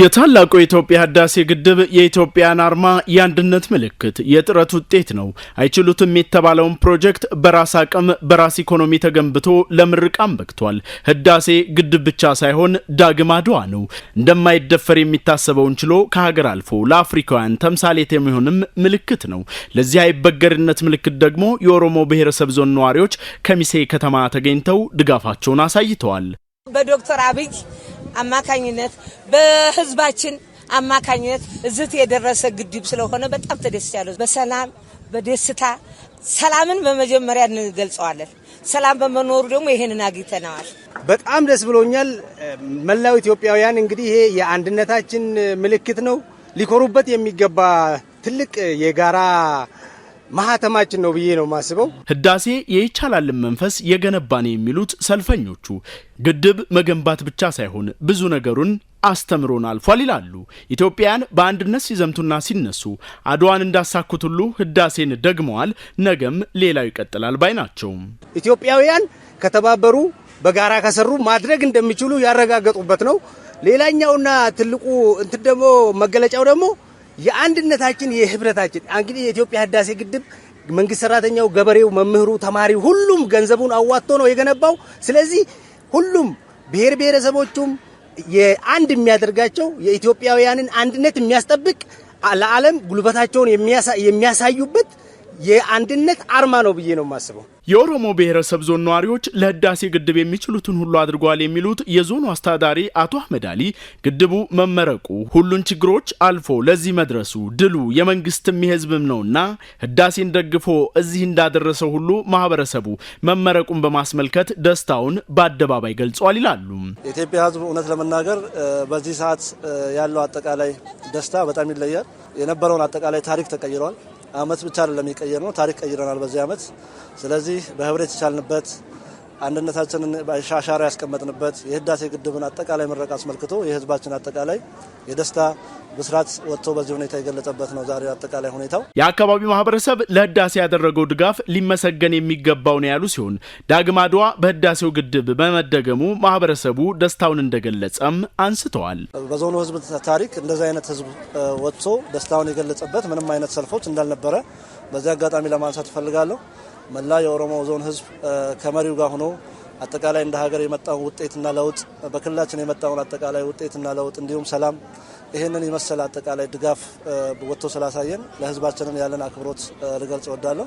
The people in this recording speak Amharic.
የታላቁ የኢትዮጵያ ህዳሴ ግድብ የኢትዮጵያን አርማ የአንድነት ምልክት የጥረት ውጤት ነው። አይችሉትም የተባለውን ፕሮጀክት በራስ አቅም በራስ ኢኮኖሚ ተገንብቶ ለምርቃም በቅቷል። ህዳሴ ግድብ ብቻ ሳይሆን ዳግም አድዋ ነው። እንደማይደፈር የሚታሰበውን ችሎ ከሀገር አልፎ ለአፍሪካውያን ተምሳሌት የሚሆንም ምልክት ነው። ለዚህ አይበገርነት ምልክት ደግሞ የኦሮሞ ብሔረሰብ ዞን ነዋሪዎች ከሚሴ ከተማ ተገኝተው ድጋፋቸውን አሳይተዋል። በዶክተር አብይ አማካኝነት በህዝባችን አማካኝነት እዝት የደረሰ ግድብ ስለሆነ በጣም ተደስቻለሁ። በሰላም በደስታ ሰላምን በመጀመሪያ እንገልጸዋለን። ሰላም በመኖሩ ደግሞ ይሄንን አግኝተነዋል። በጣም ደስ ብሎኛል። መላው ኢትዮጵያውያን እንግዲህ ይሄ የአንድነታችን ምልክት ነው። ሊኮሩበት የሚገባ ትልቅ የጋራ ማህተማችን ነው ብዬ ነው የማስበው። ህዳሴ የይቻላልን መንፈስ የገነባን የሚሉት ሰልፈኞቹ ግድብ መገንባት ብቻ ሳይሆን ብዙ ነገሩን አስተምሮን አልፏል ይላሉ። ኢትዮጵያን በአንድነት ሲዘምቱና ሲነሱ አድዋን እንዳሳኩት ሁሉ ህዳሴን ደግመዋል። ነገም ሌላው ይቀጥላል ባይ ናቸው። ኢትዮጵያውያን ከተባበሩ በጋራ ከሰሩ ማድረግ እንደሚችሉ ያረጋገጡበት ነው። ሌላኛውና ትልቁ እንትን ደግሞ መገለጫው ደግሞ የአንድነታችን የህብረታችን እንግዲህ የኢትዮጵያ ህዳሴ ግድብ መንግስት ሰራተኛው፣ ገበሬው፣ መምህሩ፣ ተማሪ ሁሉም ገንዘቡን አዋጥቶ ነው የገነባው። ስለዚህ ሁሉም ብሔር ብሔረሰቦቹም የአንድ የሚያደርጋቸው የኢትዮጵያውያንን አንድነት የሚያስጠብቅ ለዓለም ጉልበታቸውን የሚያሳዩበት የአንድነት አርማ ነው ብዬ ነው የማስበው። የኦሮሞ ብሔረሰብ ዞን ነዋሪዎች ለህዳሴ ግድብ የሚችሉትን ሁሉ አድርጓል የሚሉት የዞኑ አስተዳዳሪ አቶ አህመድ አሊ ግድቡ መመረቁ ሁሉን ችግሮች አልፎ ለዚህ መድረሱ ድሉ የመንግስትም የህዝብም ነውና ህዳሴን ደግፎ እዚህ እንዳደረሰው ሁሉ ማህበረሰቡ መመረቁን በማስመልከት ደስታውን በአደባባይ ገልጿል ይላሉ። የኢትዮጵያ ህዝብ እውነት ለመናገር በዚህ ሰዓት ያለው አጠቃላይ ደስታ በጣም ይለያል። የነበረውን አጠቃላይ ታሪክ ተቀይረዋል። አመት ብቻ አይደለም የቀየር ነው፣ ታሪክ ቀይረናል በዚህ አመት። ስለዚህ በህብረት የቻልንበት አንድነታችንን በሻሻራ ያስቀመጥንበት የህዳሴ ግድብን አጠቃላይ ምረቃ አስመልክቶ የህዝባችን አጠቃላይ የደስታ ብስራት ወጥቶ በዚህ ሁኔታ የገለጸበት ነው። ዛሬ አጠቃላይ ሁኔታው የአካባቢው ማህበረሰብ ለህዳሴ ያደረገው ድጋፍ ሊመሰገን የሚገባው ነው ያሉ ሲሆን ዳግም አድዋ በህዳሴው ግድብ በመደገሙ ማህበረሰቡ ደስታውን እንደገለጸም አንስተዋል። በዞኑ ህዝብ ታሪክ እንደዚህ አይነት ህዝብ ወጥቶ ደስታውን የገለጸበት ምንም አይነት ሰልፎች እንዳልነበረ በዚህ አጋጣሚ ለማንሳት እፈልጋለሁ። መላ የኦሮሞ ዞን ህዝብ ከመሪው ጋር ሆኖ አጠቃላይ እንደ ሀገር የመጣውን ውጤትና ለውጥ በክልላችን የመጣውን አጠቃላይ ውጤትና ለውጥ እንዲሁም ሰላም ይህንን የመሰል አጠቃላይ ድጋፍ ወጥቶ ስላሳየን ለህዝባችንን ያለን አክብሮት ልገልጽ እወዳለሁ።